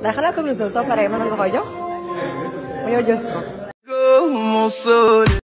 ndax xanaa communication soo man mën nga ko jox mu ñëw